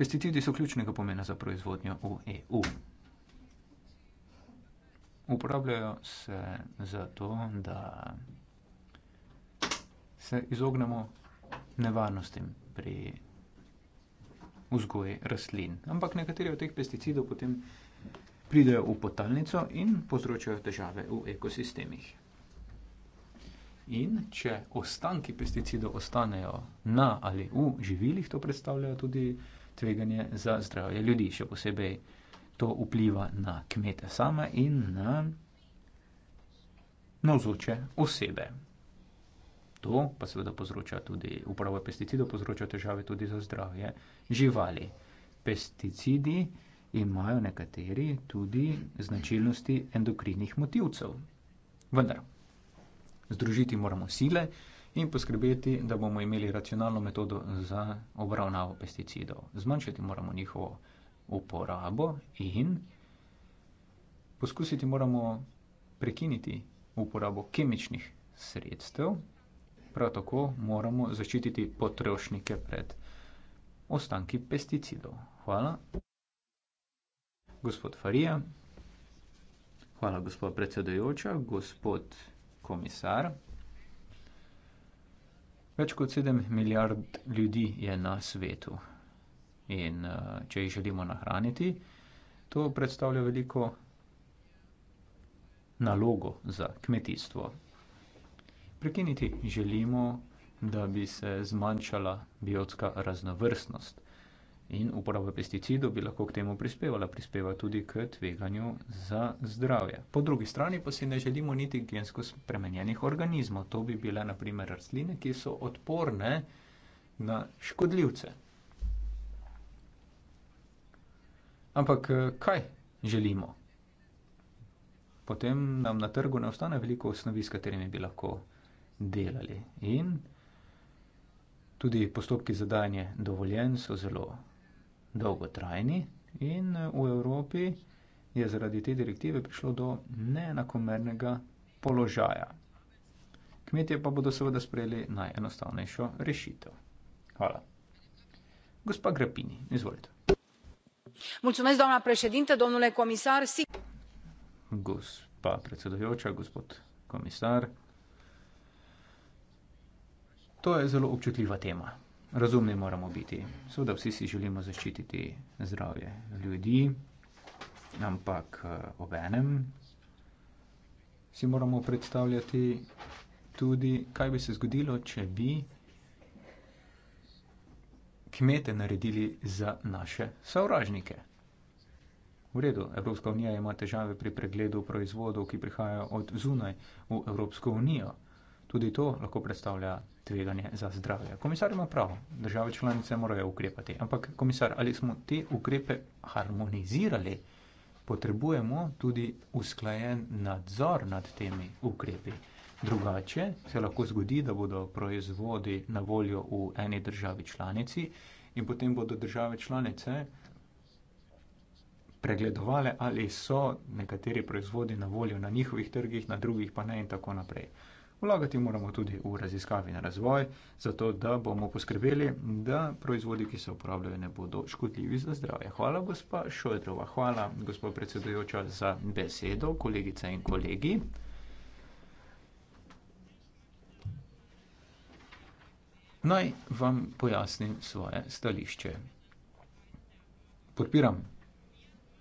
Pesticidi so ključnega pomena za proizvodnjo v EU. Uporabljajo se zato, da se izognemo nevarnostim pri vzgoji rastlin. Ampak nekateri od teh pesticidov potem pridejo v potalnico in povzročajo težave v ekosistemih. In če ostanki pesticidov ostanejo na ali v živilih, to predstavlja tudi uh, tveganje za zdravje ljudi. Še posebej to vpliva na kmete same in na navzoče osebe. To pa seveda povzroča tudi, uporaba pesticidov povzroča težave tudi za zdravje živali. Pesticidi imajo nekateri tudi značilnosti endokrinnih motivcev. Vendar, združiti moramo sile, in poskrbeti, da bomo imeli racionalno metodo za obravnavo pesticidov. Zmanjšati moramo njihovo uporabo in poskusiti moramo prekiniti uporabo kemičnih sredstev, prav tako moramo zaščititi potrošnike pred ostanki pesticidov. Hvala. Gospod Farija. Hvala, gospod predsedujoča, gospod komisar. Več kot sedem milijard ljudi je na svetu in uh, če jih želimo nahraniti, to predstavlja veliko nalogo za kmetijstvo. Prekiniti želimo, da bi se zmanjšala biotska raznovrstnost. In uporaba pesticidov bi lahko k temu prispevala, prispeva tudi k tveganju za zdravje. Po drugi strani pa si ne želimo niti gensko spremenjenih organizmov. To bi bile naprimer rastline, ki so odporne na škodljivce. Ampak eh, kaj želimo? Potem nam na trgu ne ostane veliko osnovi, s katerimi bi lahko delali. In tudi postopki za danje dovoljen so zelo dolgotrajni in eh, v Evropi je zaradi te direktive prišlo do neenakomernega položaja. Kmetje pa bodo seveda sprejeli najenostavnejšo rešitev. Hvala. Gospa Grepini, izvolite. Mulțumesc, doamna președinte, domnule comisar, si... Gospa predsedujoča, gospod komisar, to je zelo občutljiva tema razumni moramo biti. Seveda vsi si želimo zaščititi zdravje ljudi, ampak eh, obenem si moramo predstavljati tudi, kaj bi se zgodilo, če bi kmete naredili za naše sovražnike. V redu, Evropska unija ima težave pri pregledu proizvodov, ki prihajajo od zunaj v Evropsko unijo. Tudi to lahko predstavlja tveganje za zdravje. Komisar ima prav, države članice morajo ukrepati. Ampak, komisar, ali smo te ukrepe harmonizirali, potrebujemo tudi usklajen nadzor nad temi ukrepi. Drugače se lahko zgodi, da bodo proizvodi na voljo v eni državi članici in potem bodo države članice pregledovale, ali so nekateri proizvodi na voljo na njihovih trgih, na drugih pa ne in tako naprej. Vlagati moramo tudi v raziskave in razvoj, zato da bomo poskrbeli, da proizvodi, ki se uporabljajo, ne bodo škodljivi za zdravje. Hvala, gospa Šojdrova, hvala, gospa predsedujoča, za besedo, kolegice in kolegi. Naj vam pojasnim svoje stališče. Podpiram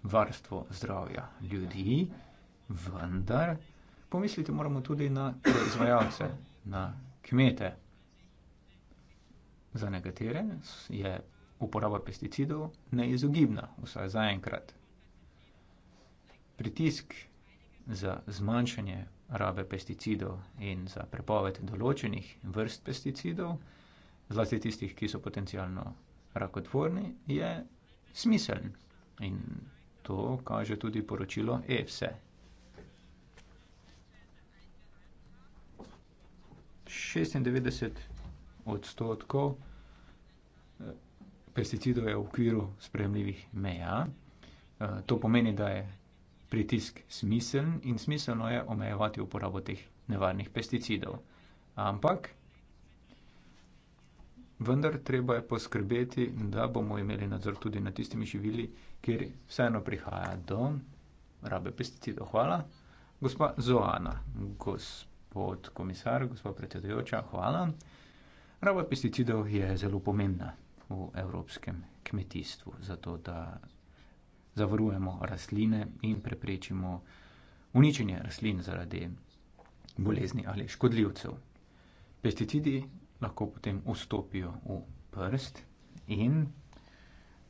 varstvo zdravja ljudi, vendar pomisliti moramo tudi na izvajalce, na kmete. Za nekatere je uporaba pesticidov neizogibna, vsaj zaenkrat. Pritisk za zmanjšanje rabe pesticidov in za prepoved določenih vrst pesticidov, zlasti tistih, ki so potencialno rakotvorni, je smiseln. In to kaže tudi poročilo EFSE 96 odstotkov eh, pesticidov je v okviru spremljivih meja. Eh, to pomeni, da je pritisk smiseln in smiselno je omejevati uporabo teh nevarnih pesticidov. Ampak, vendar treba je poskrbeti, da bomo imeli nadzor tudi na tistimi živili, kjer vseeno prihaja do rabe pesticidov. Hvala. Gospa Zoana, gospod gospod komisar, gospod predsedujoča, hvala. Raba pesticidov je zelo pomembna v evropskem kmetijstvu, zato da zavarujemo rastline in preprečimo uničenje rastlin zaradi bolezni ali škodljivcev. Pesticidi lahko potem vstopijo v prst in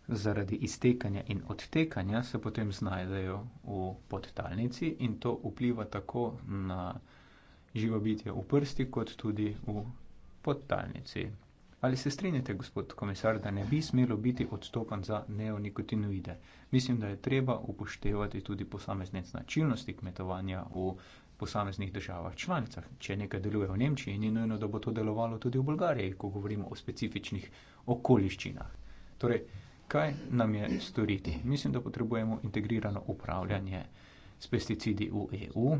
zaradi iztekanja in odtekanja se potem znajdejo v podtalnici in to vpliva tako na živo bitje v prsti, kot tudi v podtalnici. Ali se strinjate, gospod komisar, da ne bi smelo biti odstopan za neonikotinoide? Mislim, da je treba upoštevati tudi posamezne značilnosti kmetovanja v posameznih državah članicah. Če nekaj deluje v Nemčiji, ni nujno, da bo to delovalo tudi v Bolgariji, ko govorimo o specifičnih okoliščinah. Torej, kaj nam je storiti? Mislim, da potrebujemo integrirano upravljanje s pesticidi v EU,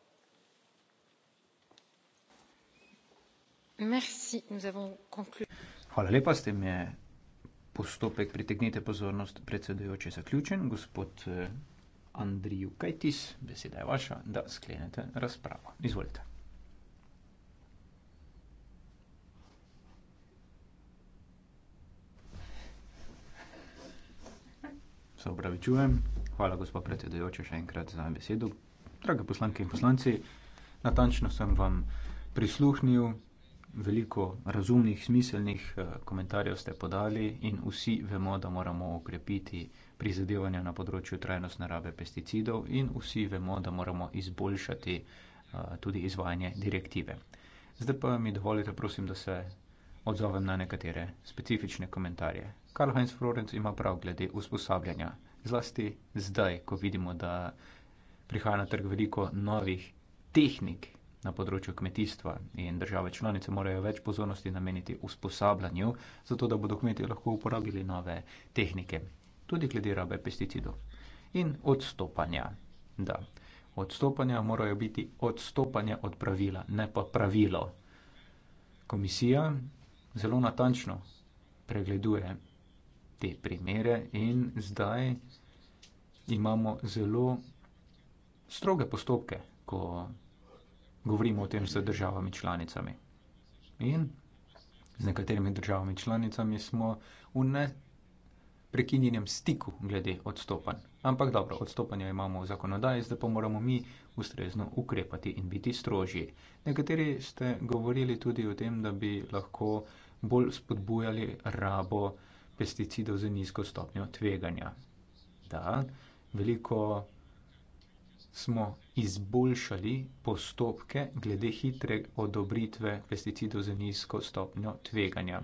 Hvala lepa, s tem je postopek pritegnite pozornost predsedujoče zaključen. Gospod eh, Andriju Kajtis, beseda je vaša, da sklenete razpravo. Izvolite. Se opravičujem. Hvala, gospa predsedujoča, še enkrat za besedo. Drage poslanke in poslanci, natančno sem vam prisluhnil veliko razumnih, smiselnih eh, komentarjev ste podali in vsi vemo, da moramo okrepiti prizadevanja na področju trajnostne rabe pesticidov in vsi vemo, da moramo izboljšati eh, tudi izvajanje direktive. Zdaj pa mi dovolite, prosim, da se odzovem na nekatere specifične komentarje. Karl-Heinz Florenc ima prav glede usposabljanja, zlasti zdaj, ko vidimo, da prihaja na trg veliko novih tehnik, na področju kmetijstva in države članice morajo več pozornosti nameniti usposabljanju, zato da bodo kmetje lahko uporabili nove tehnike, tudi glede rabe pesticidov. In odstopanja. Da, odstopanja morajo biti odstopanja od pravila, ne pa pravilo. Komisija zelo natančno pregleduje te primere in zdaj imamo zelo stroge postopke, ko govorimo o tem z državami članicami. In z nekaterimi državami članicami smo v neprekinjenem stiku glede odstopanj. Ampak dobro, odstopanja imamo v zakonodaji, zdaj pa moramo mi ustrezno ukrepati in biti strožji. Nekateri ste govorili tudi o tem, da bi lahko bolj spodbujali rabo pesticidov za nizko stopnjo tveganja. Da, veliko smo izboljšali postopke glede hitre odobritve pesticidov za nizko stopnjo tveganja.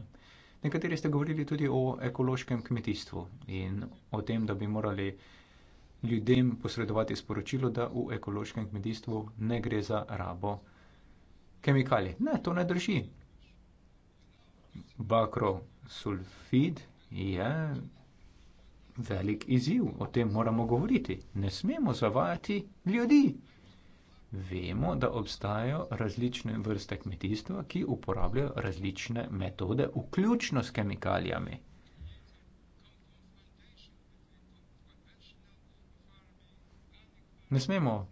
Nekateri ste govorili tudi o ekološkem kmetijstvu in o tem, da bi morali ljudem posredovati sporočilo, da v ekološkem kmetijstvu ne gre za rabo kemikalij. Ne, to ne drži. Bakrosulfid je velik izziv, o tem moramo govoriti. Ne smemo zavajati ljudi. Vemo, da obstajajo različne vrste kmetijstva, ki uporabljajo različne metode, vključno s kemikalijami. Ne smemo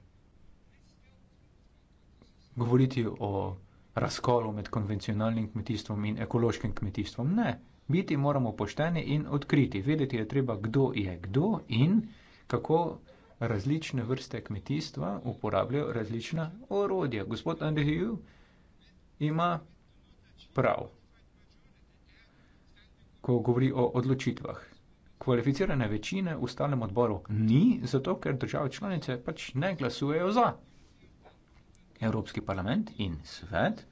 govoriti o razkolu med konvencionalnim kmetijstvom in ekološkim kmetijstvom. Ne biti moramo pošteni in odkriti. Vedeti je treba, kdo je kdo in kako različne vrste kmetijstva uporabljajo različna orodja. Gospod Andrejev ima prav, ko govori o odločitvah. Kvalificirane večine v stalnem odboru ni, zato ker države članice pač ne glasujejo za. Evropski parlament in svet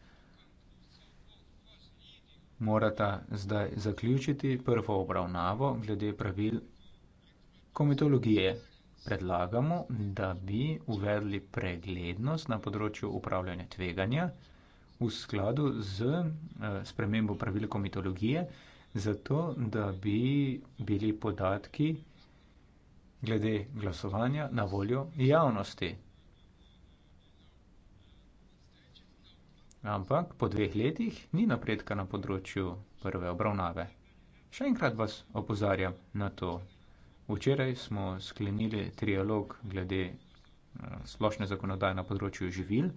morata zdaj zaključiti prvo obravnavo glede pravil komitologije. Predlagamo, da bi uvedli preglednost na področju upravljanja tveganja v skladu z eh, spremembo pravil komitologije, zato da bi bili podatki glede glasovanja na voljo javnosti. Ampak po dveh letih ni napredka na področju prve obravnave. Še enkrat vas opozarjam na to. Včeraj smo sklenili trialog glede eh, splošne zakonodaje na področju živil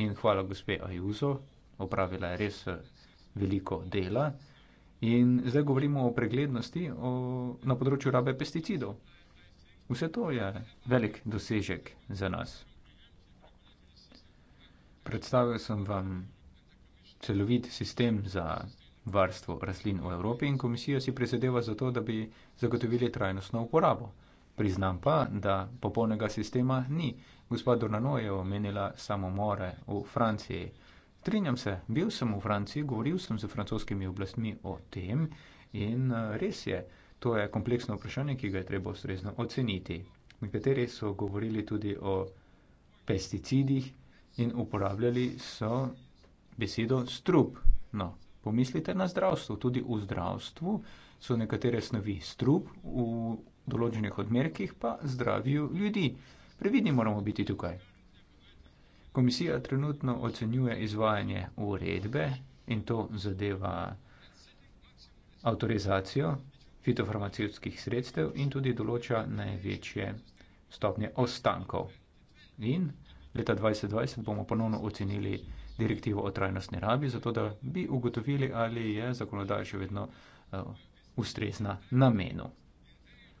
in hvala gospe Ajuzo, opravila je res eh, veliko dela. In zdaj govorimo o preglednosti o, na področju rabe pesticidov. Vse to je velik dosežek za nas. Predstavil sem vam celovit sistem za varstvo rastlin v Evropi in komisija si prizadeva za to, da bi zagotovili trajnostno uporabo. Priznam pa, da popolnega sistema ni. Gospod Dornano je omenila samomore v Franciji. Strinjam se, bil sem v Franciji, govoril sem z francoskimi oblastmi o tem in eh, res je, to je kompleksno vprašanje, ki ga je treba ustrezno oceniti. Nekateri so govorili tudi o pesticidih, in uporabljali so besedo strup. No, pomislite na zdravstvo. Tudi v zdravstvu so nekatere snovi strup, v določenih odmerkih pa zdravijo ljudi. Previdni moramo biti tukaj. Komisija trenutno ocenjuje izvajanje uredbe in to zadeva avtorizacijo fitofarmacijskih sredstev in tudi določa največje stopnje ostankov. In leta 2020 bomo ponovno ocenili direktivo o trajnostni rabi, zato da bi ugotovili, ali je zakonodaj še vedno uh, ustrezna namenu.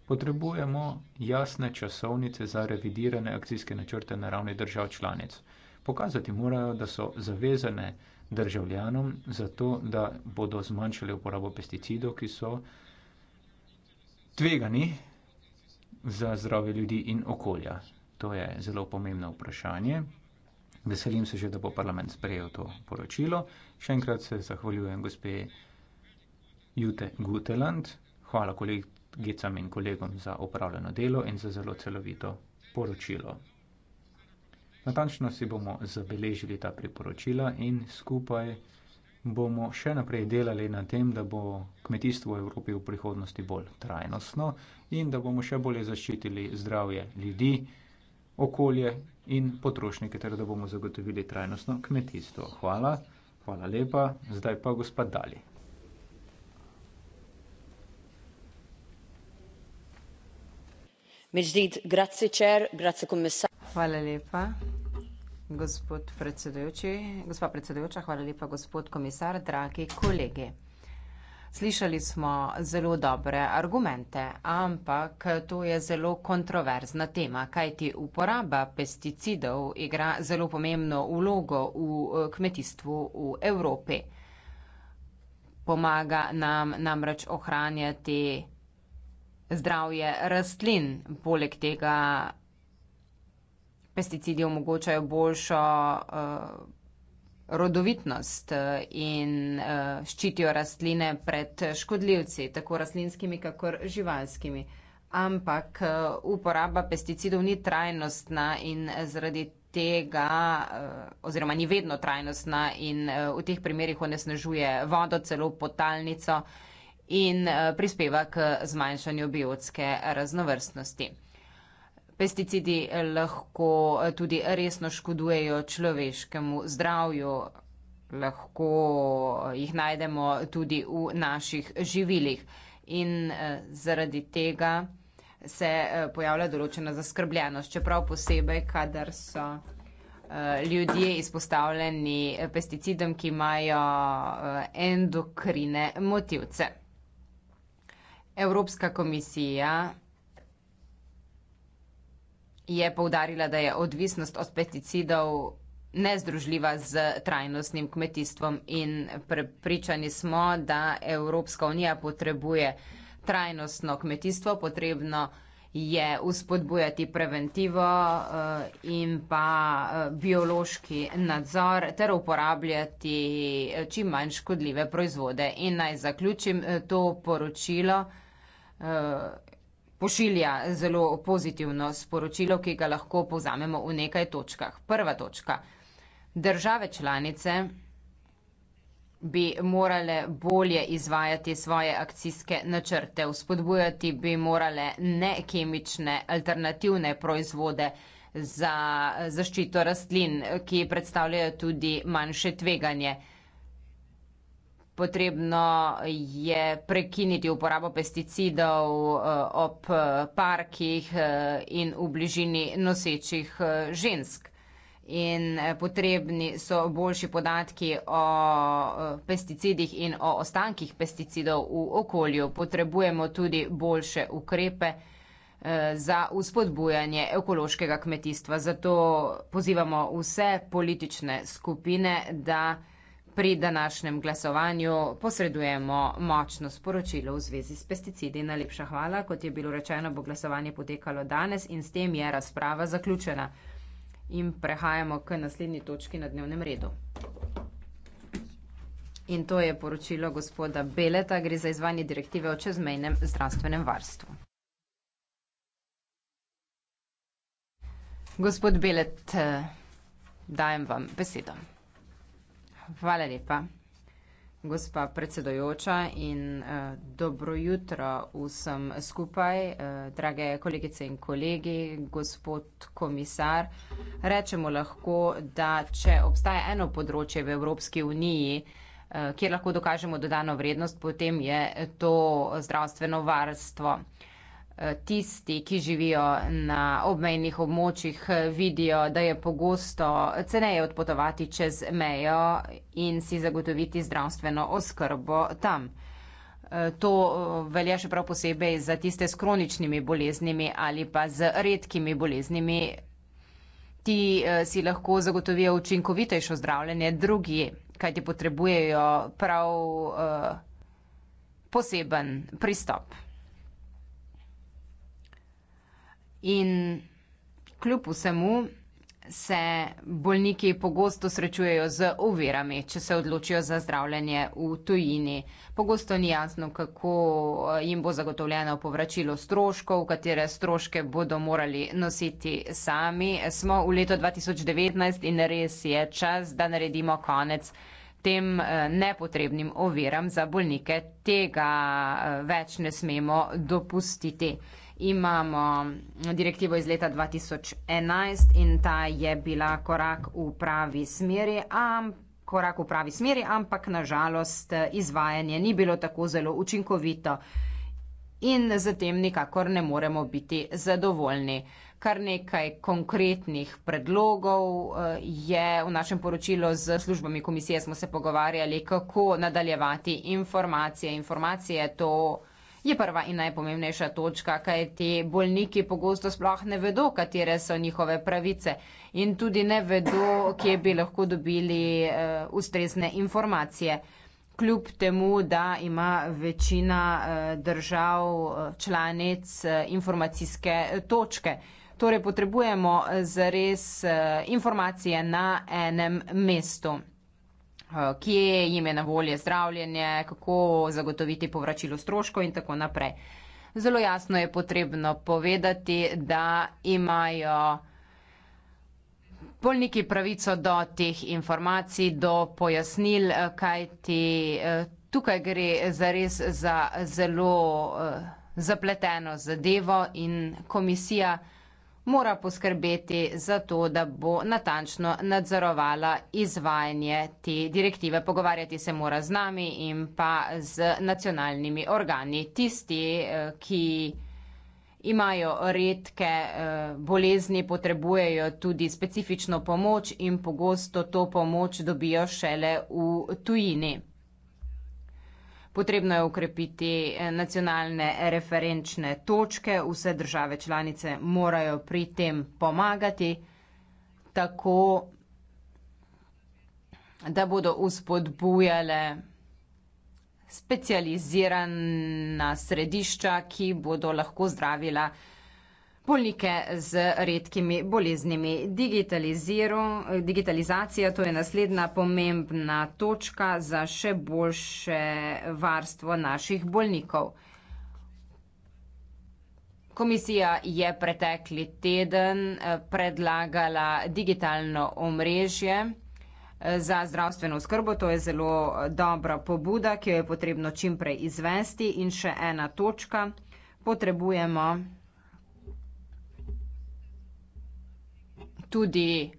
Potrebujemo jasne časovnice za revidirane akcijske načrte na ravni držav članic. Pokazati morajo, da so zavezane državljanom za to, da bodo zmanjšali uporabo pesticidov, ki so tvegani za zdrave ljudi in okolja. To je zelo pomembno vprašanje. Veselim se že, da bo parlament sprejel to poročilo. Še enkrat se zahvaljujem gospe Jute Guteland. Hvala kolegicam in kolegom za opravljeno delo in za zelo celovito poročilo. Natančno si bomo zabeležili ta priporočila in skupaj bomo še naprej delali na tem, da bo kmetijstvo v Evropi v prihodnosti bolj trajnostno in da bomo še bolje zaščitili zdravje ljudi okolje in potrošnike, ter da bomo zagotovili trajnostno kmetijstvo. Hvala, hvala lepa. Zdaj pa gospod Dali. Hvala lepa, gospod predsedujoči, gospa predsedujoča, hvala lepa, gospod komisar, dragi kolegi. Slišali smo zelo dobre argumente, ampak to je zelo kontroverzna tema, kajti uporaba pesticidov igra zelo pomembno vlogo v eh, kmetijstvu v Evropi. Pomaga nam namreč ohranjati zdravje rastlin, poleg tega pesticidi omogočajo boljšo. Uh, rodovitnost eh, in eh, ščitijo rastline pred škodljivci, tako rastlinskimi, kakor živalskimi. Ampak eh, uporaba pesticidov ni trajnostna in zaradi tega, oziroma ni vedno trajnostna in v teh primerjih onesnažuje vodo, celo potalnico in prispeva k zmanjšanju biotske raznovrstnosti pesticidi eh, lahko eh, tudi resno škodujejo človeškemu zdravju. Lahko eh, jih najdemo tudi v naših živilih in zaradi tega se pojavlja določena zaskrbljenost, čeprav posebej, kadar so ljudje izpostavljeni pesticidom, ki imajo endokrine motivce. Evropska komisija je povdarila, da je odvisnost od pesticidov nezdružljiva z trajnostnim kmetijstvom in prepričani smo, da Evropska unija potrebuje trajnostno kmetijstvo, potrebno je uspodbujati preventivo eh, in pa eh, biološki nadzor ter uporabljati eh, čim manj škodljive proizvode. In naj zaključim to poročilo pošilja zelo pozitivno sporočilo, ki ga lahko povzamemo v nekaj točkah. Prva točka. Države članice bi morale bolje izvajati svoje akcijske načrte, vzpodbujati bi morale nekemične alternativne proizvode za zaščito rastlin, ki predstavljajo tudi manjše tveganje potrebno je prekiniti uporabo pesticidov eh, ob parkih eh, in v bližini nosečih eh, žensk. In potrebni so boljši podatki o pesticidih in o ostankih pesticidov v okolju. Potrebujemo tudi boljše ukrepe za uspodbujanje ekološkega kmetijstva. Zato pozivamo vse politične skupine, da Pri današnjem glasovanju posredujemo močno sporočilo v zvezi s pesticidi. Najlepša hvala. Kot je bilo rečeno, bo glasovanje potekalo danes in s tem je razprava zaključena. In prehajamo k naslednji točki na dnevnem redu. In to je poročilo gospoda Beleta, gre za izvanje direktive o čezmejnem zdravstvenem varstvu. Gospod Belet, eh, dajem vam besedo hvala lepa. Gospa predsedojoča in eh, dobro jutro vsem skupaj, eh, drage kolegice in kolegi, gospod komisar. Rečemo lahko, da če obstaja eno področje v Evropski uniji, eh, kjer lahko dokažemo dodano vrednost, potem je to zdravstveno varstvo tisti, ki živijo na obmejnih območjih, vidijo, da je pogosto ceneje odpotovati čez mejo in si zagotoviti zdravstveno oskrbo tam. E, to e, velja še prav posebej za tiste s kroničnimi boleznimi ali pa z redkimi boleznimi. Ti e, si lahko zagotovijo učinkovitejšo zdravljenje drugi, kajti potrebujejo prav uh, poseben pristop. In kljub vsemu se bolniki pogosto srečujejo z ovirami, če se odločijo za zdravljenje v tujini. Pogosto ni jasno, kako eh, jim bo zagotovljeno povračilo stroškov, katere stroške bodo morali nositi sami. Smo v letu 2019 in res je čas, da naredimo konec tem eh, nepotrebnim oviram za bolnike. Tega eh, več ne smemo dopustiti imamo direktivo iz leta 2011 in ta je bila korak v pravi smeri, ampak korak v pravi smeri, ampak nažalost izvajanje ni bilo tako zelo učinkovito in zatem nikakor ne moremo biti zadovoljni. Kar nekaj konkretnih predlogov eh, je v našem poročilu z službami komisije, smo se pogovarjali, kako nadaljevati informacije. Informacije to je prva in najpomembnejša točka, kaj ti bolniki pogosto sploh ne vedo, katere so njihove pravice in tudi ne vedo, kje bi lahko dobili uh, ustrezne informacije. Kljub temu, da ima večina uh, držav eh, članic uh, informacijske točke. Torej potrebujemo zares informacije na enem mestu. Eh, kje jim je na volje zdravljenje, kako zagotoviti povračilo stroškov in tako naprej. Zelo jasno je potrebno povedati, da imajo bolniki pravico do teh informacij, do pojasnil, eh, kajti eh, tukaj gre za res za zelo zapleteno zadevo in komisija mora poskrbeti za to, da bo natančno nadzorovala izvajanje te direktive. Pogovarjati se mora z nami in pa z nacionalnimi organi, tisti, eh, ki imajo redke eh, bolezni, potrebujejo tudi specifično pomoč in pogosto to pomoč dobijo šele v tujini. Potrebno je ukrepiti eh, nacionalne referenčne točke, vse države članice morajo pri tem pomagati, tako da bodo uspodbujale specializirana središča, ki bodo lahko zdravila bolnike z redkimi boleznimi. Digitalizacija to je naslednja pomembna točka za še boljše varstvo naših bolnikov. Komisija je pretekli teden eh, predlagala digitalno omrežje eh, za zdravstveno skrbo. To je zelo eh, dobra pobuda, ki jo je potrebno čimprej izvesti. In še ena točka. Potrebujemo tudi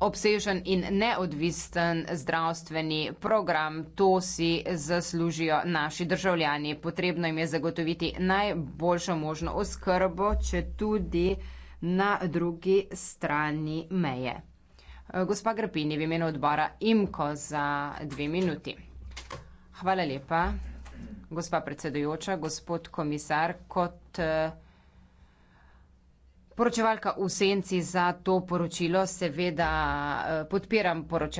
obsežen in neodvisten zdravstveni program. To si zaslužijo naši državljani. Potrebno jim je zagotoviti najboljšo možno oskrbo, če tudi na drugi strani meje. Gospa Grpini, v imenu odbora IMKO za dve minuti. Hvala lepa, gospa predsedujoča, gospod komisar, kot uh, Poročevalka v senci za to poročilo seveda eh, podpiram poročevalko.